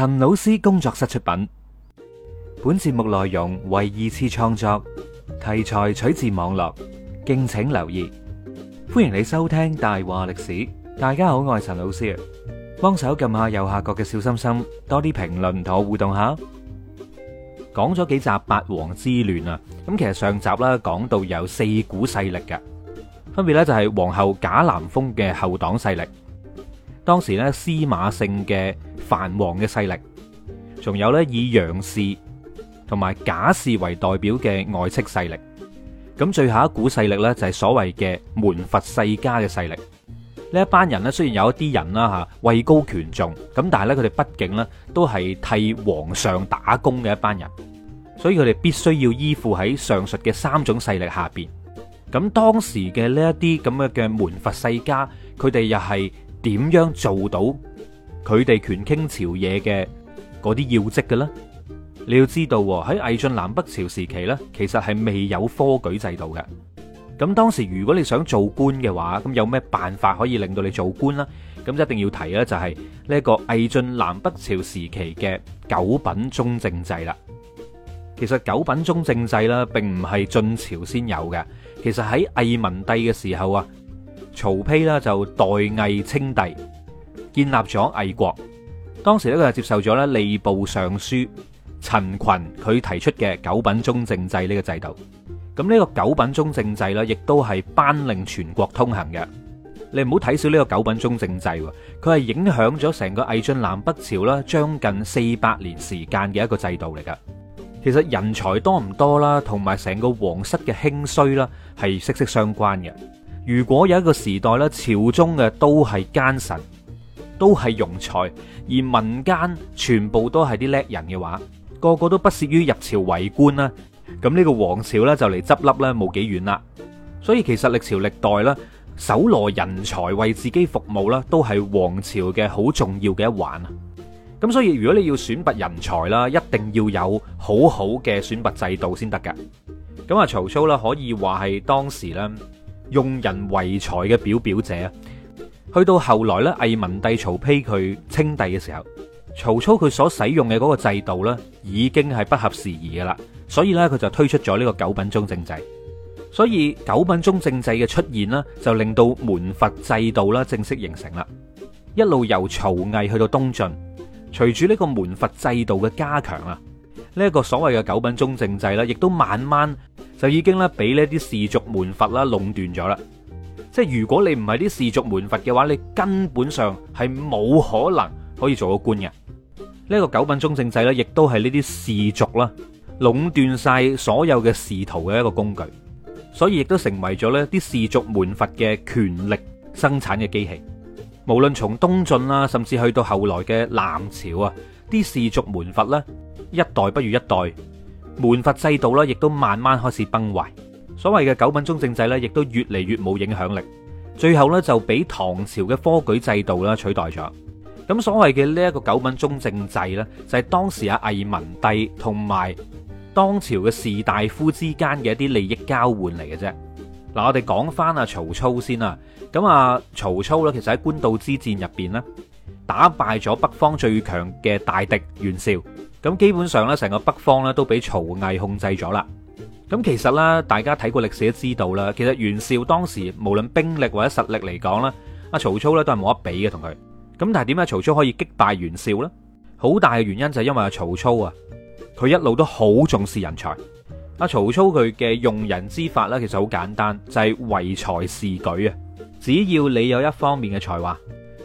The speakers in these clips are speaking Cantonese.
陳老師工作室出品，本節目內容為二次創作，題材取自網絡，敬請留意。歡迎你收聽《大話歷史》，大家好，我係陳老師。幫手撳下右下角嘅小心心，多啲評論同我互動下。講咗幾集八王之亂啊，咁其實上集啦，講到有四股勢力嘅，分別咧就係皇后賈南風嘅后黨勢力。當時咧，司馬姓嘅藩王嘅勢力，仲有咧以楊氏同埋賈氏為代表嘅外戚勢力。咁最後一股勢力呢，就係所謂嘅門閥世家嘅勢力。呢一班人呢，雖然有一啲人啦吓，位高權重，咁但係咧佢哋畢竟呢都係替皇上打工嘅一班人，所以佢哋必須要依附喺上述嘅三種勢力下邊。咁當時嘅呢一啲咁嘅嘅門閥世家，佢哋又係。點樣做到佢哋權傾朝野嘅嗰啲要職嘅咧？你要知道喺魏晉南北朝時期呢，其實係未有科舉制度嘅。咁當時如果你想做官嘅話，咁有咩辦法可以令到你做官呢？咁一定要提咧，就是，就係呢個魏晉南北朝時期嘅九品中正制啦。其實九品中正制啦，並唔係晉朝先有嘅。其實喺魏文帝嘅時候啊。曹丕啦就代魏稱帝，建立咗魏國。當時咧佢就接受咗咧吏部尚書陳群佢提出嘅九品中正制呢個制度。咁呢個九品中正制啦，亦都係頒令全國通行嘅。你唔好睇小呢個九品中正制，佢係影響咗成個魏晉南北朝啦，將近四百年時間嘅一個制度嚟噶。其實人才多唔多啦，同埋成個皇室嘅興衰啦，係息息相關嘅。如果有一個時代咧，朝中嘅都係奸臣，都係庸才，而民間全部都係啲叻人嘅話，個個都不屑於入朝為官啦。咁呢個王朝呢，就嚟執笠呢，冇幾遠啦。所以其實歷朝歷代呢，搜羅人才為自己服務呢，都係王朝嘅好重要嘅一環啊。咁所以如果你要選拔人才啦，一定要有好好嘅選拔制度先得㗎。咁啊，曹操呢，可以話係當時呢。用人唯才嘅表表者啊，去到後來咧，魏文帝曹丕佢稱帝嘅時候，曹操佢所使用嘅嗰個制度咧，已經係不合時宜嘅啦，所以咧佢就推出咗呢個九品中正制。所以九品中正制嘅出現呢，就令到門閥制度啦正式形成啦。一路由曹魏去到東晉，隨住呢個門閥制度嘅加強啊。呢一個所謂嘅九品中正制啦，亦都慢慢就已經咧，俾呢啲士族門閥啦壟斷咗啦。即係如果你唔係啲士族門閥嘅話，你根本上係冇可能可以做到官嘅。呢、這、一個九品中正制咧，亦都係呢啲士族啦壟斷晒所有嘅仕途嘅一個工具，所以亦都成為咗呢啲士族門閥嘅權力生產嘅機器。無論從東晉啦、啊，甚至去到後來嘅南朝啊，啲士族門閥咧。一代不如一代，門閥制度咧，亦都慢慢開始崩壞。所謂嘅九品中正制咧，亦都越嚟越冇影響力。最後咧就俾唐朝嘅科舉制度咧取代咗。咁所謂嘅呢一個九品中正制咧，就係當時阿魏文帝同埋當朝嘅士大夫之間嘅一啲利益交換嚟嘅啫。嗱，我哋講翻阿曹操先啦。咁阿曹操呢，其實喺官渡之戰入邊呢，打敗咗北方最強嘅大敵袁紹。咁基本上呢，成個北方呢都俾曹魏控制咗啦。咁其實呢，大家睇過歷史都知道啦。其實袁紹當時無論兵力或者實力嚟講啦，阿曹操呢，都係冇得比嘅，同佢咁，但係點解曹操可以擊敗袁紹呢？好大嘅原因就係因為阿曹操啊，佢一路都好重視人才。阿曹操佢嘅用人之法呢，其實好簡單，就係、是、唯才是舉啊。只要你有一方面嘅才華，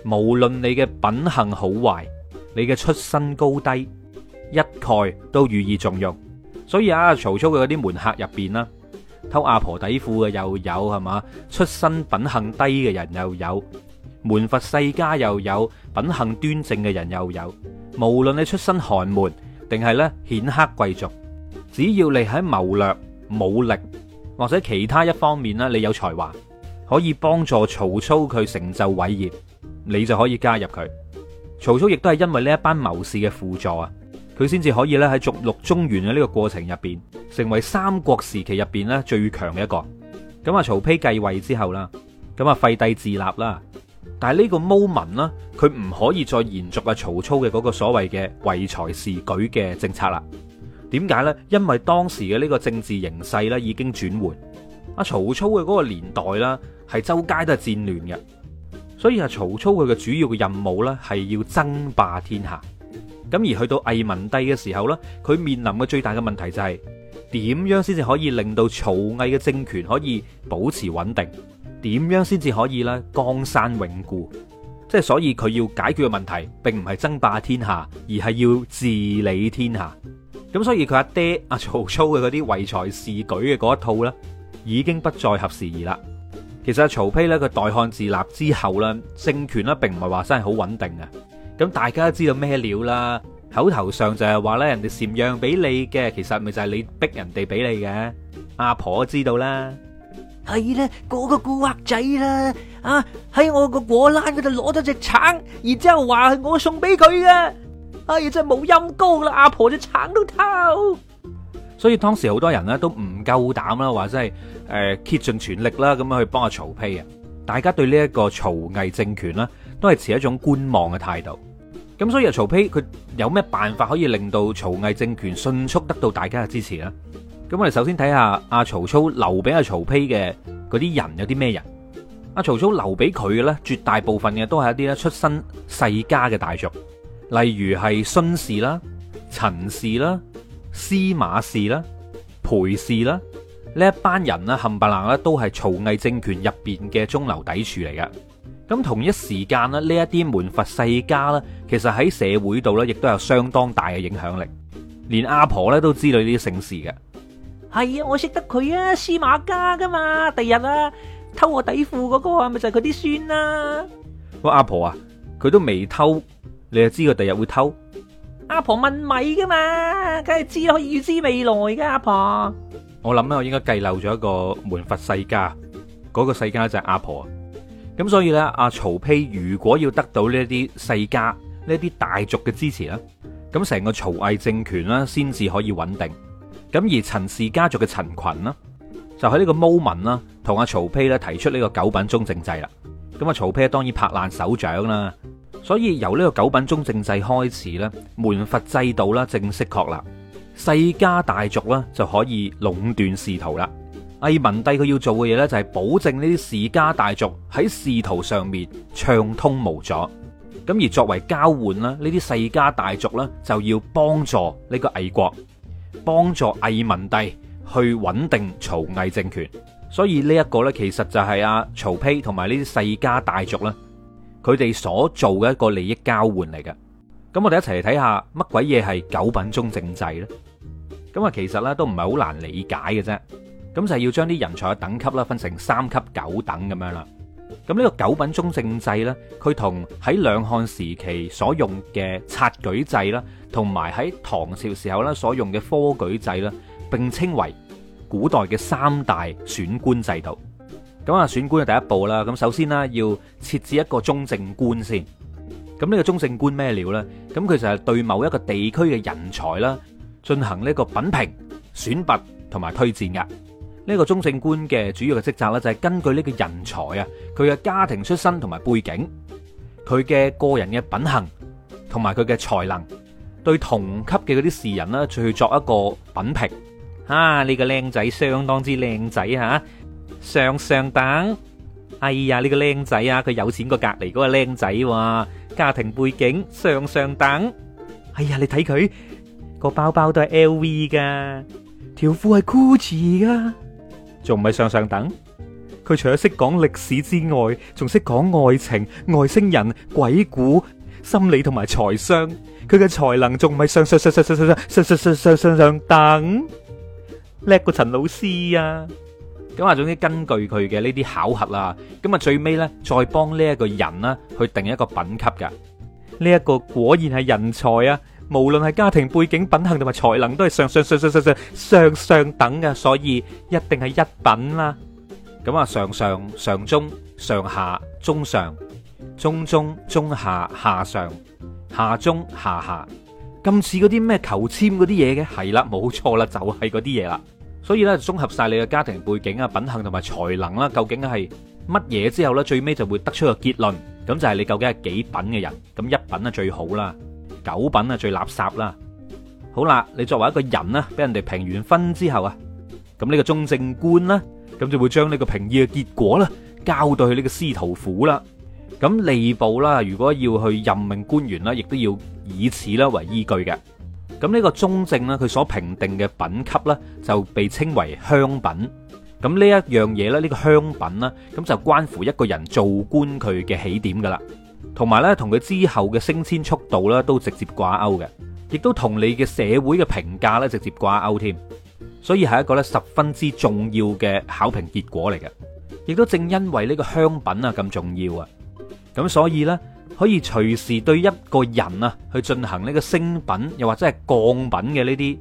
無論你嘅品行好壞，你嘅出身高低，一概都予以重用，所以啊，曹操嗰啲門客入邊啦，偷阿婆底褲嘅又有係嘛，出身品行低嘅人又有，門閥世家又有，品行端正嘅人又有。無論你出身寒門定係咧顯赫貴族，只要你喺謀略、武力或者其他一方面啦，你有才華可以幫助曹操佢成就偉業，你就可以加入佢。曹操亦都係因為呢一班謀士嘅輔助啊。佢先至可以咧喺逐鹿中原嘅呢個過程入邊，成為三國時期入邊咧最強嘅一個。咁啊，曹丕繼位之後啦，咁啊廢帝自立啦。但係呢個毛民呢，佢唔可以再延續啊曹操嘅嗰個所謂嘅唯才是舉嘅政策啦。點解呢？因為當時嘅呢個政治形勢咧已經轉換。阿曹操嘅嗰個年代啦，係周街都係戰亂嘅，所以阿曹操佢嘅主要嘅任務呢，係要爭霸天下。咁而去到魏文帝嘅時候呢，佢面臨嘅最大嘅問題就係、是、點樣先至可以令到曹魏嘅政權可以保持穩定？點樣先至可以咧江山永固？即係所以佢要解決嘅問題，並唔係爭霸天下，而係要治理天下。咁所以佢阿爹阿曹操嘅嗰啲唯才是舉嘅嗰一套呢，已經不再合時宜啦。其實曹丕呢，佢代漢自立之後呢，政權呢，並唔係話真係好穩定嘅。咁大家都知道咩料啦。口頭上就係話咧，人哋禪讓俾你嘅，其實咪就係你逼人哋俾你嘅。阿婆都知道啦，係啦，個個蠱惑仔啦，啊喺我個果欄嗰度攞咗隻橙，然之後話係我送俾佢嘅，哎呀真係冇陰功啦，阿婆隻橙都偷。所以當時好多人咧都唔夠膽啦，或者係誒竭盡全力啦咁樣去幫阿曹丕啊，大家對呢一個曹魏政權咧都係持一種觀望嘅態度。咁所以阿曹丕佢有咩辦法可以令到曹魏政權迅速得到大家嘅支持呢？咁我哋首先睇下阿曹操留俾阿曹丕嘅嗰啲人有啲咩人？阿曹操留俾佢嘅咧，絕大部分嘅都係一啲咧出身世家嘅大族，例如係荀氏啦、陳氏啦、司馬氏啦、裴氏啦，呢一班人啦冚唪唥咧都係曹魏政權入邊嘅中流砥柱嚟嘅。咁同一時間呢，呢一啲門閥世家呢，其實喺社會度咧，亦都有相當大嘅影響力。連阿婆咧都知道呢啲姓氏嘅係啊，我識得佢啊，司馬家噶嘛，第日啊偷我底褲嗰個係咪就係佢啲孫啦？話阿婆啊，佢都未偷，你就知佢第日會偷。阿婆問米噶嘛，梗係知可以預知未來㗎。阿婆。我諗咧，我應該計漏咗一個門閥世家，嗰、嗰個世家就係阿婆。咁所以呢，阿曹丕如果要得到呢啲世家、呢啲大族嘅支持呢，咁成個曹魏政權呢先至可以穩定。咁而陳氏家族嘅陳群啦，就喺呢個 moment 啦，同阿曹丕呢提出呢個九品中正制啦。咁阿曹丕當然拍爛手掌啦。所以由呢個九品中正制開始呢，門閥制度啦正式確立，世家大族呢就可以壟斷仕途啦。魏文帝佢要做嘅嘢咧，就係保證呢啲世家大族喺仕途上面暢通無阻。咁而作為交換啦，呢啲世家大族咧就要幫助呢個魏國，幫助魏文帝去穩定曹魏政權。所以呢一個咧，其實就係阿曹丕同埋呢啲世家大族咧，佢哋所做嘅一個利益交換嚟嘅。咁我哋一齊嚟睇下乜鬼嘢係九品中正制咧？咁啊，其實咧都唔係好難理解嘅啫。咁就係要將啲人才嘅等級啦，分成三級九等咁樣啦。咁呢個九品中正制呢，佢同喺兩漢時期所用嘅察舉制啦，同埋喺唐朝時候啦所用嘅科舉制啦，並稱為古代嘅三大選官制度。咁啊，選官嘅第一步啦，咁首先呢，要設置一個中正官先。咁呢個中正官咩料呢？咁佢就係對某一個地區嘅人才啦，進行呢個品評、選拔同埋推薦㗎。呢個中正官嘅主要嘅職責咧，就係根據呢個人才啊，佢嘅家庭出身同埋背景，佢嘅個人嘅品行，同埋佢嘅才能，對同級嘅嗰啲士人呢，再去作一個品評。啊，呢個靚仔相當之靚仔吓，上上等。哎呀，呢個靚仔啊，佢有錢過隔籬嗰個靚仔哇，家庭背景上上等。哎呀，你睇佢個包包都係 LV 噶，條褲係 GUCCI 噶。仲唔係上上等？佢除咗識講歷史之外，仲識講愛情、外星人、鬼故、心理同埋財商。佢嘅才能仲唔係上上上上上上上上上上上等？叻過陳老師啊！咁啊，總之根據佢嘅呢啲考核啦，咁啊最尾咧再幫呢一個人啦去定一個品級㗎。呢一個果然係人才啊！無論係家庭背景、品行同埋才能，都係上上上上上上上上等嘅，所以一定係一品啦。咁啊，上上上中、上下、中上、中中、中下、下上、下中、下下，咁似嗰啲咩求簽嗰啲嘢嘅，係啦，冇錯啦，就係嗰啲嘢啦。所以咧，綜合晒你嘅家庭背景啊、品行同埋才能啦，究竟係乜嘢之後咧，最尾就會得出個結論，咁就係你究竟係幾品嘅人，咁一品啊最好啦。九品啊，最垃圾啦！好啦，你作為一個人啦，俾人哋評完分之後啊，咁呢個中正官啦，咁就會將呢個評議嘅結果啦，交到去呢個司徒府啦，咁吏部啦，如果要去任命官員啦，亦都要以此啦為依據嘅。咁呢個中正啦，佢所評定嘅品級咧，就被稱為鄉品。咁呢一樣嘢咧，呢個鄉品啦，咁就關乎一個人做官佢嘅起點噶啦。同埋咧，同佢之後嘅升遷速度咧，都直接掛鈎嘅，亦都同你嘅社會嘅評價咧，直接掛鈎添。所以係一個咧十分之重要嘅考評結果嚟嘅，亦都正因為呢個鄉品啊咁重要啊，咁所以呢，可以隨時對一個人啊去進行呢個升品又或者係降品嘅呢啲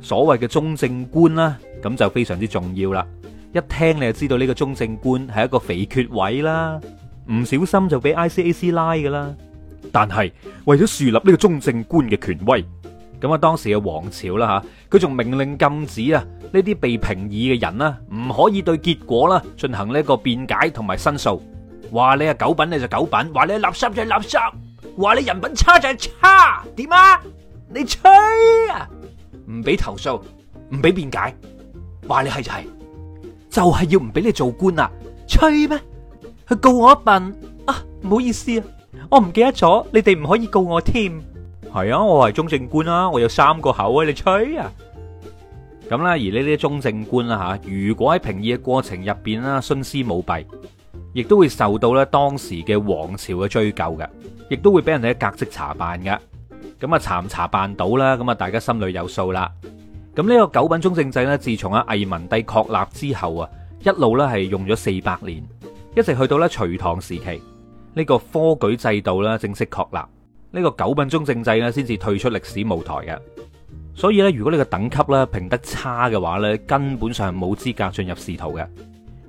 所謂嘅中正官啦，咁就非常之重要啦。一聽你就知道呢個中正官係一個肥缺位啦。唔小心就俾 ICAC 拉㗎啦，但係為咗樹立呢個中正官嘅權威，咁啊當時嘅皇朝啦吓，佢仲命令禁止啊呢啲被評議嘅人啦，唔可以對結果啦進行呢一個辯解同埋申訴。話你啊九品你就九品，話你垃圾就係垃圾，話你人品差就係差，點啊？你吹啊？唔俾投訴，唔俾辯解，話你係就係，就係要唔俾你做官啊？吹咩？佢告我一笨啊！唔好意思啊，我唔記得咗，你哋唔可以告我添。係啊，我係中正官啦，我有三個口啊，你吹啊！咁啦，而呢啲中正官啦吓，如果喺評議嘅過程入邊啦徇私舞弊，亦都會受到咧當時嘅王朝嘅追究嘅，亦都會俾人哋革職查辦嘅。咁啊，查唔查辦到啦？咁啊，大家心裏有數啦。咁、這、呢個九品中正制呢，自從啊魏文帝確立之後啊，一路咧係用咗四百年。一直去到咧隋唐時期，呢個科舉制度啦正式確立，呢個九品中正制咧先至退出歷史舞台嘅。所以咧，如果你個等級咧評得差嘅話咧，根本上係冇資格進入仕途嘅。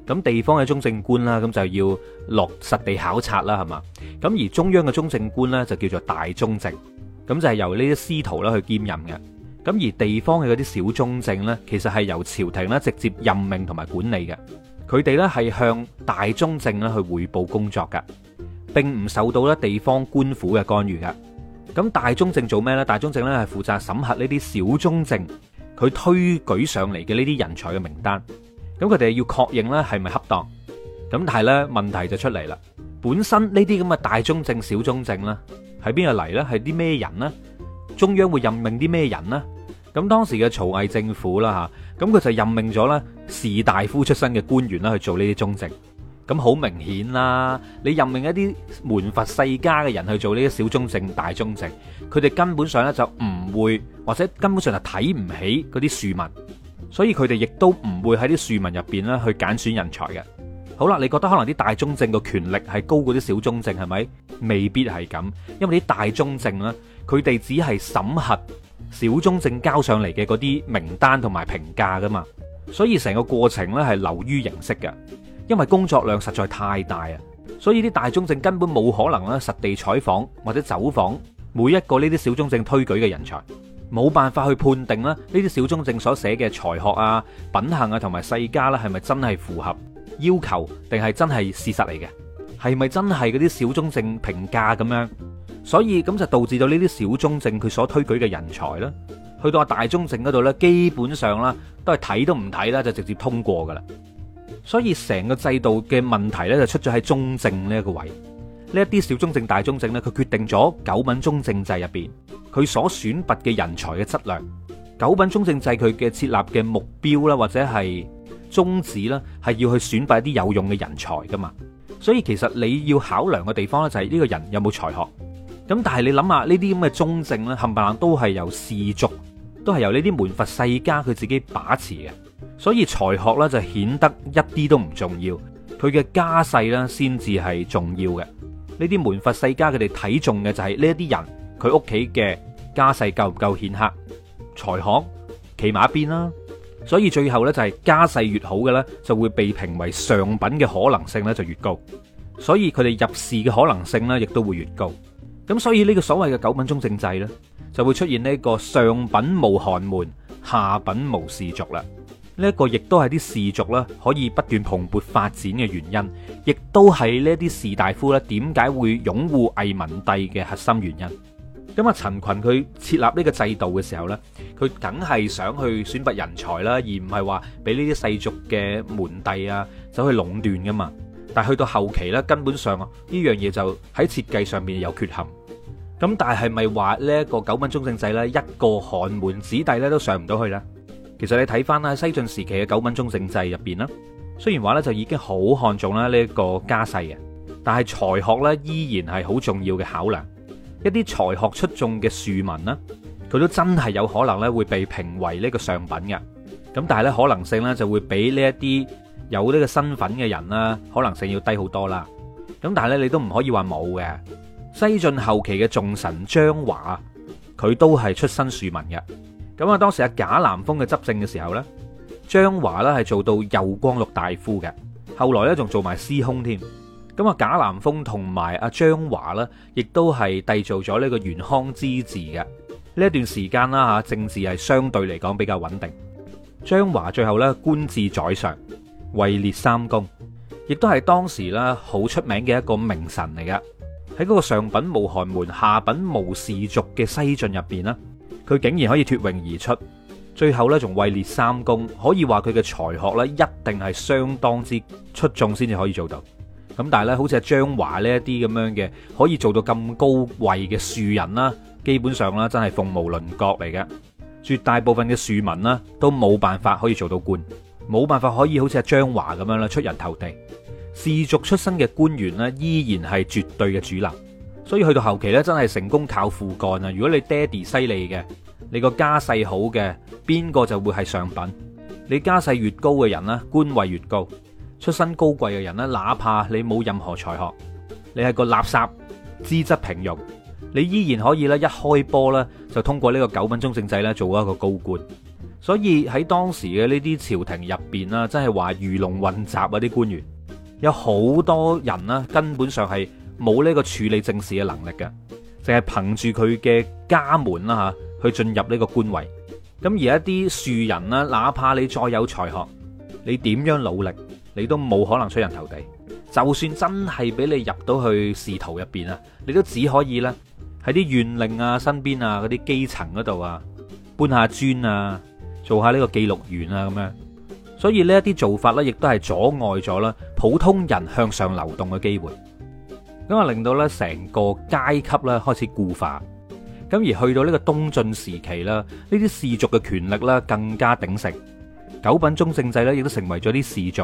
咁地方嘅中正官啦，咁就要落實地考察啦，係嘛？咁而中央嘅中正官咧就叫做大中正，咁就係由呢啲司徒啦去兼任嘅。咁而地方嘅嗰啲小中正咧，其實係由朝廷咧直接任命同埋管理嘅。佢哋咧係向大中正咧去匯報工作㗎，並唔受到咧地方官府嘅干預㗎。咁大中正做咩呢？大中正咧係負責審核呢啲小中正佢推舉上嚟嘅呢啲人才嘅名單。咁佢哋要確認咧係咪恰當。咁但係咧問題就出嚟啦。本身呢啲咁嘅大中正、小中正咧，喺邊度嚟呢？係啲咩人呢？中央會任命啲咩人呢？咁當時嘅曹魏政府啦嚇，咁佢就任命咗咧士大夫出身嘅官員啦去做呢啲中正。咁好明顯啦，你任命一啲門閥世家嘅人去做呢啲小中正、大中正，佢哋根本上咧就唔會，或者根本上係睇唔起嗰啲庶民，所以佢哋亦都唔會喺啲庶民入邊咧去揀選人才嘅。好啦，你覺得可能啲大中正嘅權力係高過啲小中正，係咪？未必係咁，因為啲大中正咧，佢哋只係審核。小中正交上嚟嘅嗰啲名單同埋評價噶嘛，所以成個過程咧係流於形式嘅，因為工作量實在太大啊，所以啲大中正根本冇可能咧實地採訪或者走訪每一個呢啲小中正推舉嘅人才，冇辦法去判定啦，呢啲小中正所寫嘅才學啊、品行啊同埋世家啦係咪真係符合要求，定係真係事實嚟嘅，係咪真係嗰啲小中正評價咁樣？所以咁就導致到呢啲小中正佢所推舉嘅人才啦，去到大中正嗰度呢基本上啦都係睇都唔睇啦，就直接通過噶啦。所以成個制度嘅問題呢，就出咗喺中正呢一個位呢，一啲小中正、大中正呢，佢決定咗九品中正制入面，佢所選拔嘅人才嘅質量。九品中正制佢嘅設立嘅目標啦，或者係宗旨啦，係要去選拔一啲有用嘅人才噶嘛。所以其實你要考量嘅地方呢，就係呢個人有冇才學。咁但係你諗下呢啲咁嘅中正呢，冚唪唥都係由士族，都係由呢啲門閥世家佢自己把持嘅，所以才學呢，就顯得一啲都唔重要，佢嘅家世呢，先至係重要嘅。呢啲門閥世家佢哋睇重嘅就係呢一啲人，佢屋企嘅家世夠唔夠顯赫，才學企埋一邊啦。所以最後呢，就係家世越好嘅呢，就會被評為上品嘅可能性呢，就越高，所以佢哋入仕嘅可能性呢，亦都會越高。咁所以呢個所謂嘅九品中正制呢，就會出現呢一個上品無寒門，下品無士族啦。這個、一族呢一個亦都係啲士族啦，可以不斷蓬勃發展嘅原因，亦都係呢啲士大夫啦，點解會擁護魏文帝嘅核心原因。咁、嗯、啊，陳群佢設立呢個制度嘅時候呢，佢梗係想去選拔人才啦，而唔係話俾呢啲世族嘅門第啊走去壟斷噶嘛。但係去到後期呢，根本上啊，呢樣嘢就喺設計上面有缺陷。咁但係咪話呢一個九品中正制呢，一個寒門子弟呢，都上唔到去呢？其實你睇翻喺西晉時期嘅九品中正制入邊啦，雖然話呢，就已經好看重啦呢一個家世嘅，但係才學呢，依然係好重要嘅考量。一啲才學出眾嘅庶民呢，佢都真係有可能呢會被評為呢個上品嘅。咁但係呢可能性呢，就會比呢一啲有呢個身份嘅人啦，可能性要低好多啦。咁但係呢，你都唔可以話冇嘅。西晉後期嘅重臣張華，佢都係出身庶民嘅。咁啊，當時阿賈南風嘅執政嘅時候呢，張華呢係做到右光祿大夫嘅，後來呢，仲做埋司空添。咁啊，賈南風同埋阿張華呢，亦都係締造咗呢個元康之治嘅。呢一段時間啦吓，政治係相對嚟講比較穩定。張華最後呢，官至宰相，位列三公，亦都係當時啦好出名嘅一個名臣嚟嘅。喺嗰個上品無寒門、下品無士族嘅西晉入邊呢，佢竟然可以脫穎而出，最後呢，仲位列三公，可以話佢嘅才學咧一定係相當之出眾先至可以做到。咁但係咧，好似係張華呢一啲咁樣嘅，可以做到咁高位嘅庶人啦，基本上啦真係鳳毛麟角嚟嘅，絕大部分嘅庶民啦都冇辦法可以做到官，冇辦法可以好似阿張華咁樣啦出人頭地。士族出身嘅官員依然係絕對嘅主流。所以去到後期真係成功靠父幹啊！如果你爹哋犀利嘅，你個家世好嘅，邊個就會係上品？你家世越高嘅人官位越高；出身高貴嘅人哪怕你冇任何才學，你係個垃圾，資質平庸，你依然可以一開波就通過呢個九品中正制做一個高官。所以喺當時嘅呢啲朝廷入邊真係話魚龍混雜啊啲官員。有好多人根本上係冇呢個處理政事嘅能力嘅，淨係憑住佢嘅家門啦，去進入呢個官位。咁而一啲庶人，哪怕你再有才學，你點樣努力，你都冇可能出人頭地。就算真係俾你入到去仕途入邊，啊，你都只可以咧喺啲縣令啊身邊啊嗰啲基層嗰度啊搬下磚啊，做下呢個記錄員啊咁樣。所以呢一啲做法咧，亦都係阻礙咗咧普通人向上流動嘅機會，咁啊令到咧成個階級咧開始固化。咁而去到呢個東晉時期啦，呢啲士族嘅權力咧更加鼎盛，九品中正制咧亦都成為咗啲士族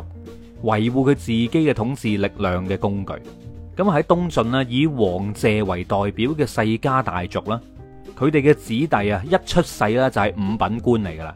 維護佢自己嘅統治力量嘅工具。咁喺東晉呢，以王謝為代表嘅世家大族啦，佢哋嘅子弟啊一出世咧就係五品官嚟噶啦。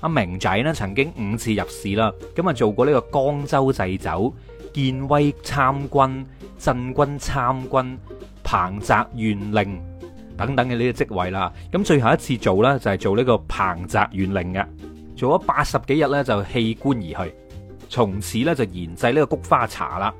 阿明仔咧，曾經五次入仕啦，咁啊做過呢個江州祭酒、建威參軍、鎮軍參軍、彭澤縣令等等嘅呢個職位啦。咁最後一次做呢，就係、是、做呢個彭澤縣令嘅，做咗八十幾日呢，就棄官而去，從此呢，就研製呢個菊花茶啦。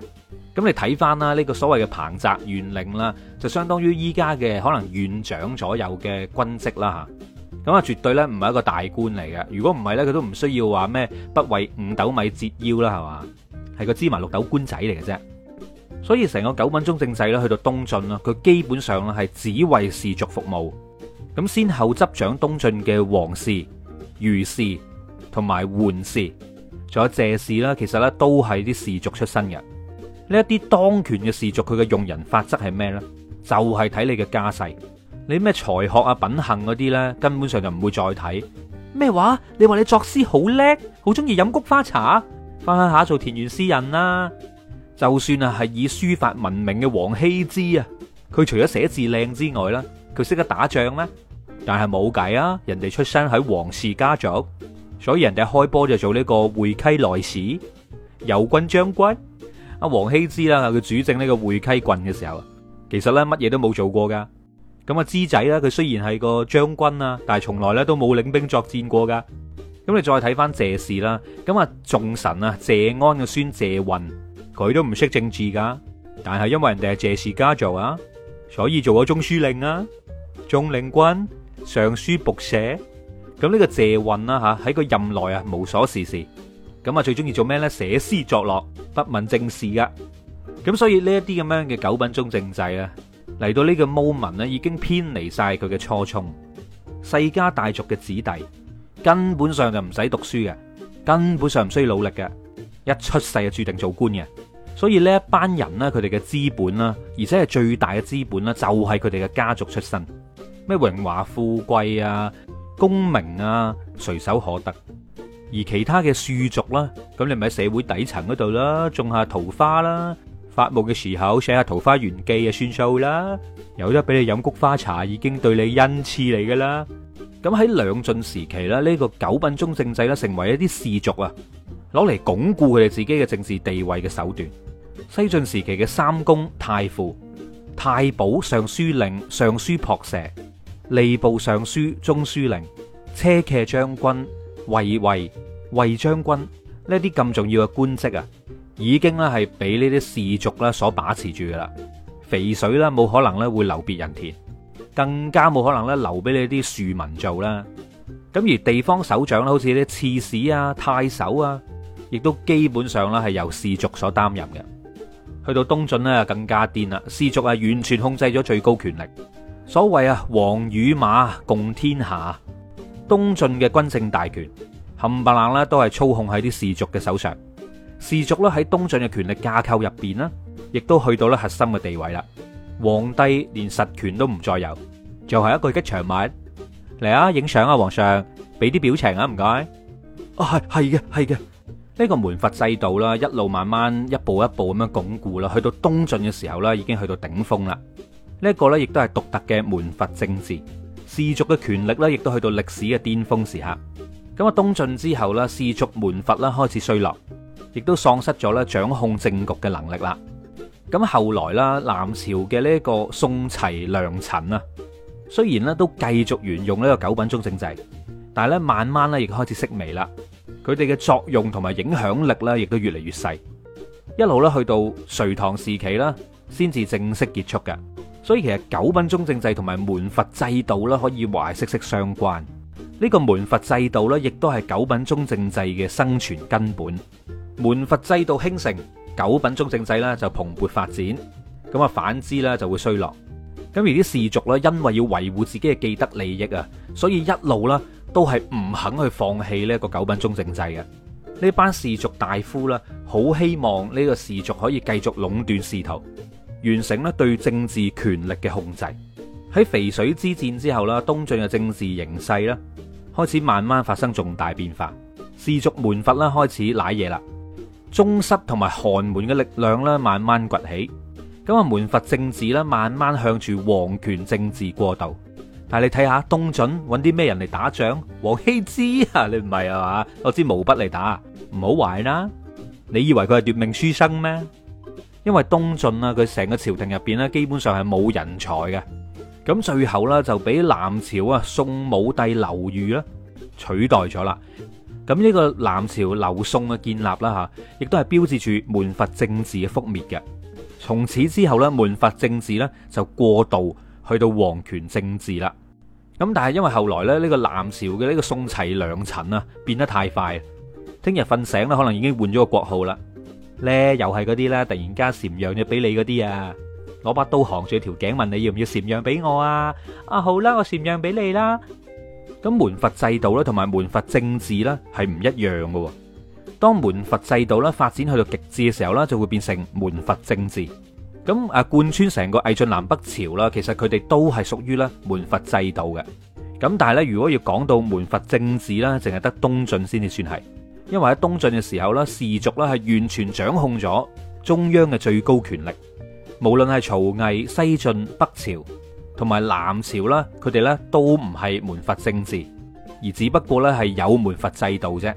咁你睇返啦，呢個所謂嘅彭澤縣令啦，就相當於依家嘅可能縣長左右嘅軍職啦嚇。咁啊，絕對咧唔係一個大官嚟嘅。如果唔係咧，佢都唔需要話咩不為五斗米折腰啦，係嘛？係個芝麻綠豆官仔嚟嘅啫。所以成個九品中正制咧，去到東晉啦，佢基本上咧係只為士族服務。咁先後執掌東晉嘅王氏、庾氏同埋桓氏，仲有謝氏啦，其實咧都係啲士族出身嘅。呢一啲當權嘅士族，佢嘅用人法則係咩呢？就係睇你嘅家世。你咩才學啊品行，嗰啲呢，根本上就唔會再睇咩話？你話你作詩好叻，好中意飲菊花茶，翻、啊、鄉下做田園詩人啦、啊。就算啊，係以書法聞名嘅王羲之啊，佢除咗寫字靚之外啦，佢識得打仗啦，但係冇計啊！人哋出身喺王氏家族，所以人哋開波就做呢個會稽內史、右軍將軍。阿王羲之啦，佢主政呢個會稽郡嘅時候，其實呢乜嘢都冇做過噶。咁啊，芝仔啦，佢雖然係個將軍啊，但係從來咧都冇領兵作戰過噶。咁你再睇翻謝氏啦，咁啊，眾臣啊，謝安嘅孫謝混，佢都唔識政治噶，但係因為人哋係謝氏家族啊，所以做咗中書令啊，中領軍、尚書僕射。咁呢個謝混啊，吓，喺個任內啊無所事事，咁啊最中意做咩咧？寫詩作樂，不問政事噶。咁所以呢一啲咁樣嘅九品中正制啊。嚟到呢個 moment 呢已經偏離曬佢嘅初衷。世家大族嘅子弟根本上就唔使讀書嘅，根本上唔需要努力嘅，一出世就注定做官嘅。所以呢一班人呢，佢哋嘅資本啦，而且係最大嘅資本啦，就係佢哋嘅家族出身。咩榮華富貴啊、功名啊，隨手可得。而其他嘅庶族啦，咁你咪喺社會底層嗰度啦，種下桃花啦、啊。發夢嘅時候寫下《桃花源記》啊，算數啦。有得俾你飲菊花茶，已經對你恩賜嚟噶啦。咁喺兩晉時期啦，呢個九品中正制啦，成為一啲士族啊，攞嚟鞏固佢哋自己嘅政治地位嘅手段。西晉時期嘅三公、太傅、太保、尚書令、尚書僕射、吏部尚書、中書令、車騎將軍、衛尉、衛將軍呢一啲咁重要嘅官職啊。已經咧係俾呢啲士族咧所把持住噶啦，肥水啦冇可能咧會留別人田，更加冇可能咧留俾你啲庶民做啦。咁而地方首長咧，好似啲刺史啊、太守啊，亦都基本上咧係由士族所擔任嘅。去到東晉咧，更加癲啦，士族係完全控制咗最高權力。所謂啊，王與馬共天下，東晉嘅軍政大權冚唪唥咧都係操控喺啲士族嘅手上。氏族咧喺東晉嘅權力架構入邊呢亦都去到咧核心嘅地位啦。皇帝連實權都唔再有，就係一個吉祥物嚟啊！影相啊，皇上，俾啲表情啊，唔該啊，係係嘅係嘅。呢個門閥制度啦，一路慢慢一步一步咁樣鞏固啦，去到東晉嘅時候呢已經去到頂峰啦。呢一個咧，亦都係獨特嘅門閥政治，氏族嘅權力呢亦都去到歷史嘅巔峰時刻。咁啊，東晉之後呢氏族門閥啦開始衰落。亦都喪失咗咧，掌控政局嘅能力啦。咁後來啦，南朝嘅呢個宋齊梁陳啊，雖然咧都繼續沿用呢個九品中正制，但係咧慢慢咧亦開始式微啦。佢哋嘅作用同埋影響力咧，亦都越嚟越細，一路咧去到隋唐時期啦，先至正式結束嘅。所以其實九品中正制同埋門閥制度咧，可以話息息相關。呢個門閥制度咧，亦都係九品中正制嘅生存根本。門閥制度興盛，九品中正制咧就蓬勃發展。咁啊，反之咧就會衰落。咁而啲士族咧，因為要維護自己嘅既得利益啊，所以一路咧都係唔肯去放棄呢一個九品中正制嘅。呢班士族大夫啦，好希望呢個士族可以繼續壟斷仕途，完成咧對政治權力嘅控制。喺淝水之戰之後呢，東晉嘅政治形勢咧開始慢慢發生重大變化，士族門閥啦開始瀨嘢啦。宗室同埋寒門嘅力量咧，慢慢崛起，咁啊門閥政治咧，慢慢向住皇權政治過渡。但係你睇下東晉搵啲咩人嚟打仗？王羲之啊，你唔係啊嘛？攞支毛筆嚟打，唔好壞啦！你以為佢係奪命書生咩？因為東晉啊，佢成個朝廷入邊咧，基本上係冇人才嘅。咁最後啦，就俾南朝啊宋武帝劉裕啦取代咗啦。咁呢個南朝劉宋嘅建立啦吓，亦都係標誌住門閥政治嘅覆滅嘅。從此之後咧，門閥政治咧就過渡去到皇權政治啦。咁但係因為後來咧，呢、這個南朝嘅呢個宋齊兩陳啊，變得太快，聽日瞓醒咧，可能已經換咗個國號啦。咧又係嗰啲咧，突然間禪讓咗俾你嗰啲啊，攞把刀行住條頸問你，你要唔要禪讓俾我啊？啊好啦，我禪讓俾你啦。咁門閥制度咧，同埋門閥政治咧係唔一樣嘅。當門閥制度咧發展去到極致嘅時候咧，就會變成門閥政治。咁啊，貫穿成個魏晉南北朝啦，其實佢哋都係屬於咧門閥制度嘅。咁但係咧，如果要講到門閥政治咧，淨係得東晉先至算係，因為喺東晉嘅時候咧，士族咧係完全掌控咗中央嘅最高權力。無論係曹魏、西晉、北朝。同埋南朝啦，佢哋咧都唔係門閥政治，而只不過咧係有門閥制度啫。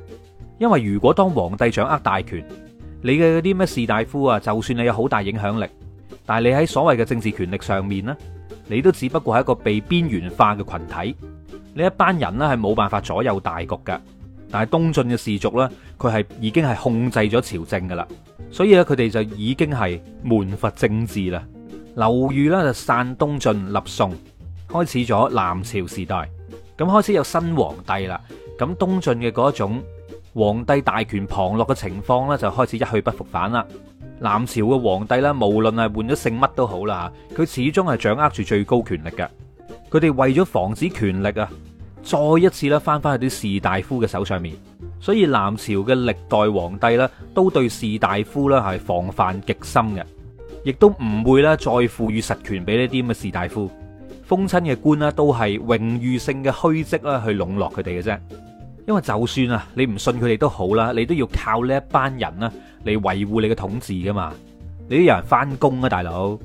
因為如果當皇帝掌握大權，你嘅啲咩士大夫啊，就算你有好大影響力，但係你喺所謂嘅政治權力上面呢，你都只不過係一個被邊緣化嘅群體。呢一班人呢係冇辦法左右大局噶。但係東晉嘅士族呢，佢係已經係控制咗朝政噶啦，所以咧佢哋就已經係門閥政治啦。劉裕呢就篡東晉立宋，開始咗南朝時代，咁開始有新皇帝啦。咁東晉嘅嗰一種皇帝大權旁落嘅情況呢，就開始一去不復返啦。南朝嘅皇帝咧，無論係換咗姓乜都好啦，佢始終係掌握住最高權力嘅。佢哋為咗防止權力啊，再一次咧返返去啲士大夫嘅手上面，所以南朝嘅歷代皇帝呢，都對士大夫咧係防範極深嘅。亦都唔會啦，再賦予實權俾呢啲咁嘅士大夫、封親嘅官啦，都係榮譽性嘅虛職啦，去籠絡佢哋嘅啫。因為就算啊，你唔信佢哋都好啦，你都要靠呢一班人啦嚟維護你嘅統治噶嘛。你都有人翻工啊，大佬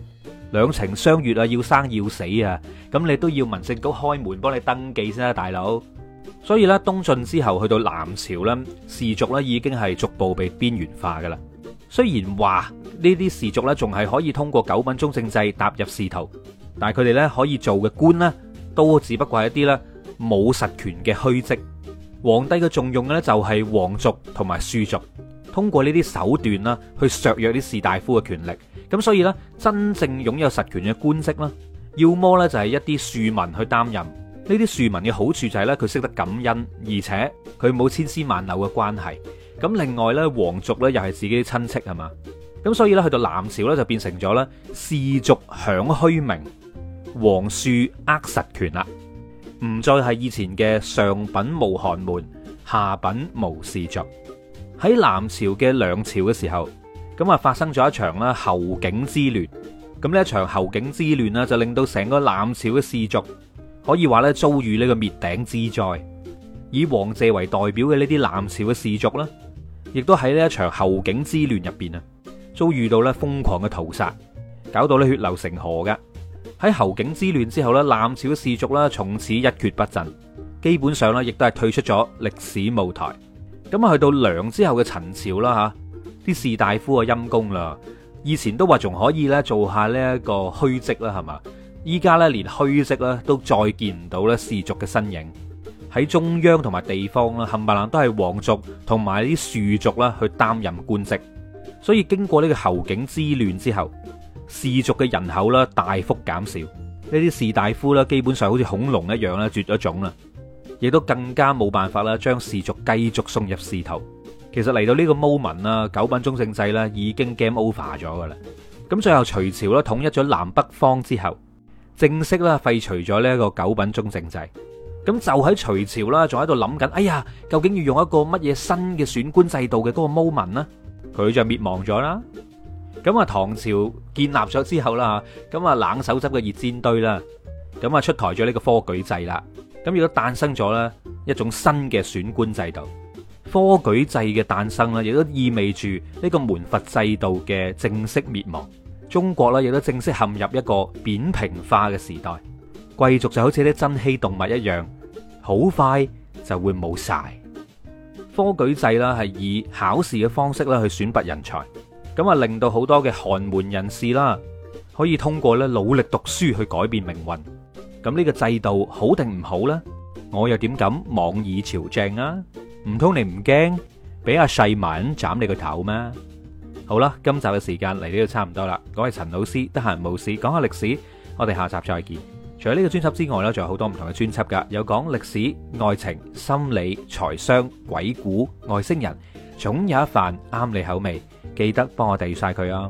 兩情相悦啊，要生要死啊，咁你都要民政局開門幫你登記先啦，大佬。所以咧，東晉之後去到南朝咧，士族咧已經係逐步被邊緣化噶啦。雖然話呢啲士族咧仲係可以通過九品中正制踏入仕途，但係佢哋咧可以做嘅官咧都只不過係一啲咧冇實權嘅虛職。皇帝嘅重用咧就係皇族同埋庶族，通過呢啲手段啦去削弱啲士大夫嘅權力。咁所以咧，真正擁有實權嘅官職咧，要麼咧就係一啲庶民去擔任。呢啲庶民嘅好處就係咧佢識得感恩，而且佢冇千絲萬縷嘅關係。咁另外咧，皇族咧又係自己嘅親戚係嘛？咁所以咧，去到南朝咧就變成咗咧士族享虛名，皇庶握實權啦，唔再係以前嘅上品無寒門，下品無士族。喺南朝嘅兩朝嘅時候，咁啊發生咗一場啦侯景之亂。咁呢一場侯景之亂呢，亂就令到成個南朝嘅士族可以話咧遭遇呢個滅頂之災。以王謝為代表嘅呢啲南朝嘅士族啦。亦都喺呢一場侯景之亂入邊啊，遭遇到咧瘋狂嘅屠殺，搞到咧血流成河嘅。喺侯景之亂之後咧，南朝士族啦從此一蹶不振，基本上亦都係退出咗歷史舞台。咁啊去到梁之後嘅陳朝啦吓，啲士大夫啊陰功啦，以前都話仲可以咧做下呢一個虛職啦係嘛，依家咧連虛職咧都再見唔到咧士族嘅身影。喺中央同埋地方啦，冚唪唥都係皇族同埋啲庶族啦去擔任官職，所以經過呢個侯景之亂之後，士族嘅人口啦大幅減少，呢啲士大夫啦基本上好似恐龍一樣咧絕咗種啦，亦都更加冇辦法啦將士族繼續送入仕途。其實嚟到呢個 moment 啦，九品中正制啦已經 game over 咗噶啦。咁最後隋朝咧統一咗南北方之後，正式啦廢除咗呢一個九品中正制。咁就喺隋朝啦，仲喺度諗緊，哎呀，究竟要用一個乜嘢新嘅選官制度嘅嗰個 moment 呢？佢就滅亡咗啦。咁啊，唐朝建立咗之後啦，吓咁啊，冷手執嘅熱煎堆啦，咁啊，出台咗呢個科舉制啦。咁亦都誕生咗咧一種新嘅選官制度，科舉制嘅誕生咧，亦都意味住呢個門閥制度嘅正式滅亡。中國咧亦都正式陷入一個扁平化嘅時代，貴族就好似啲珍稀動物一樣。好快就會冇曬科舉制啦，係以考試嘅方式啦去選拔人才，咁啊令到好多嘅寒門人士啦，可以通過咧努力讀書去改變命運。咁呢個制度好定唔好呢？我又點敢妄議朝政啊？唔通你唔驚俾阿世民斬你個頭咩？好啦，今集嘅時間嚟到差唔多啦。我係陳老師，得閒無事講下歷史，我哋下集再見。除咗呢個專輯之外咧，仲有好多唔同嘅專輯噶，有講歷史、愛情、心理、財商、鬼故、外星人，總有一份啱你口味。記得幫我訂閱晒佢啊！